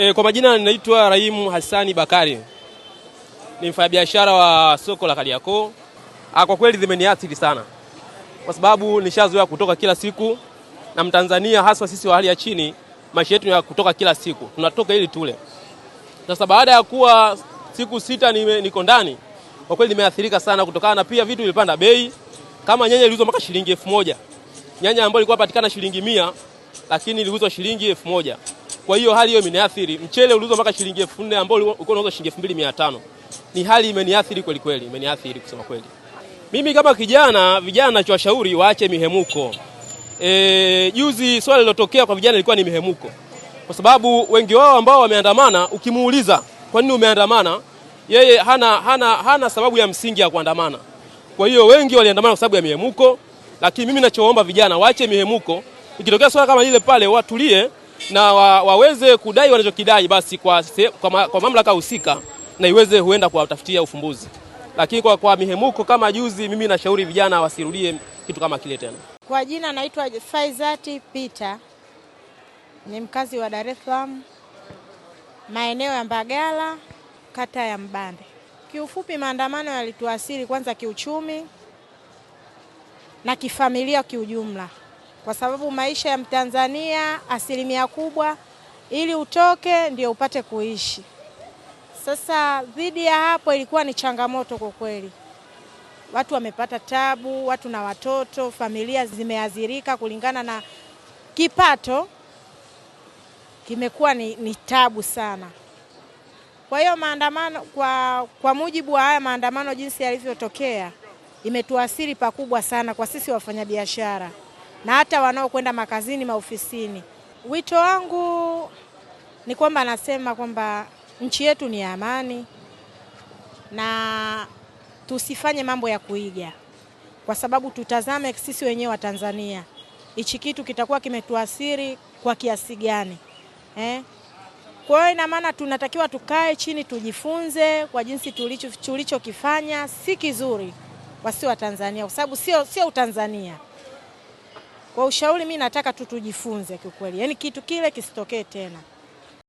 E, kwa majina ninaitwa Rahimu Hassani Bakari, ni mfanyabiashara wa soko la Kariakoo. Ah, kwa kweli zimeniathiri sana, kwa sababu nishazoea kutoka kila siku, na Mtanzania haswa sisi wa hali ya chini, maisha yetu ya kutoka kila siku, tunatoka ili tule. Sasa baada ya kuwa siku sita niko ndani, kwa kweli nimeathirika sana, kutokana na pia vitu vilipanda bei. Kama nyanya iliuzwa mpaka shilingi elfu moja nyanya ambayo ilikuwa patikana shilingi mia, lakini iliuzwa shilingi elfu moja kwa hiyo hali hiyo imeniathiri. Mchele uliuzwa mpaka shilingi 4000 ambao ulikuwa unauzwa shilingi 2500. Ni hali imeniathiri kweli kweli, imeniathiri kusema kweli. Mimi kama kijana, vijana nachowashauri waache mihemuko. E, juzi swali lililotokea kwa vijana ilikuwa ni mihemuko. Kwa sababu wengi wao ambao wameandamana ukimuuliza kwa nini umeandamana, yeye hana, hana, hana sababu ya msingi ya kuandamana. Kwa hiyo wengi waliandamana kwa sababu ya mihemuko, lakini mimi nachoomba vijana waache mihemuko. Ikitokea swala kama lile pale watulie na wa, waweze kudai wanachokidai basi kwa, kwa, kwa mamlaka husika na iweze huenda kuwatafutia ufumbuzi. Lakini kwa, kwa mihemuko kama juzi, mimi nashauri vijana wasirudie kitu kama kile tena. Kwa jina naitwa Faizati Peter, ni mkazi wa Dar es Salaam, maeneo ya Mbagala, kata ya Mbande. Kiufupi, maandamano yalituasiri kwanza kiuchumi na kifamilia kiujumla kwa sababu maisha ya Mtanzania asilimia kubwa ili utoke ndio upate kuishi. Sasa dhidi ya hapo ilikuwa ni changamoto kwa kweli, watu wamepata tabu, watu na watoto, familia zimeathirika kulingana na kipato kimekuwa ni, ni tabu sana. Kwa hiyo maandamano kwa, kwa mujibu wa haya maandamano jinsi yalivyotokea imetuathiri pakubwa sana kwa sisi wafanyabiashara na hata wanaokwenda makazini, maofisini. Wito wangu ni kwamba nasema kwamba nchi yetu ni ya amani na tusifanye mambo ya kuiga, kwa sababu tutazame sisi wenyewe wa Tanzania hichi kitu kitakuwa kimetuathiri kwa kiasi gani eh? Kwa hiyo ina maana tunatakiwa tukae chini tujifunze kwa jinsi tulichokifanya si kizuri, wasio wa Tanzania, kwa sababu sio sio Utanzania. Kwa ushauri, mi nataka tu tujifunze kiukweli, yaani kitu kile kisitokee tena.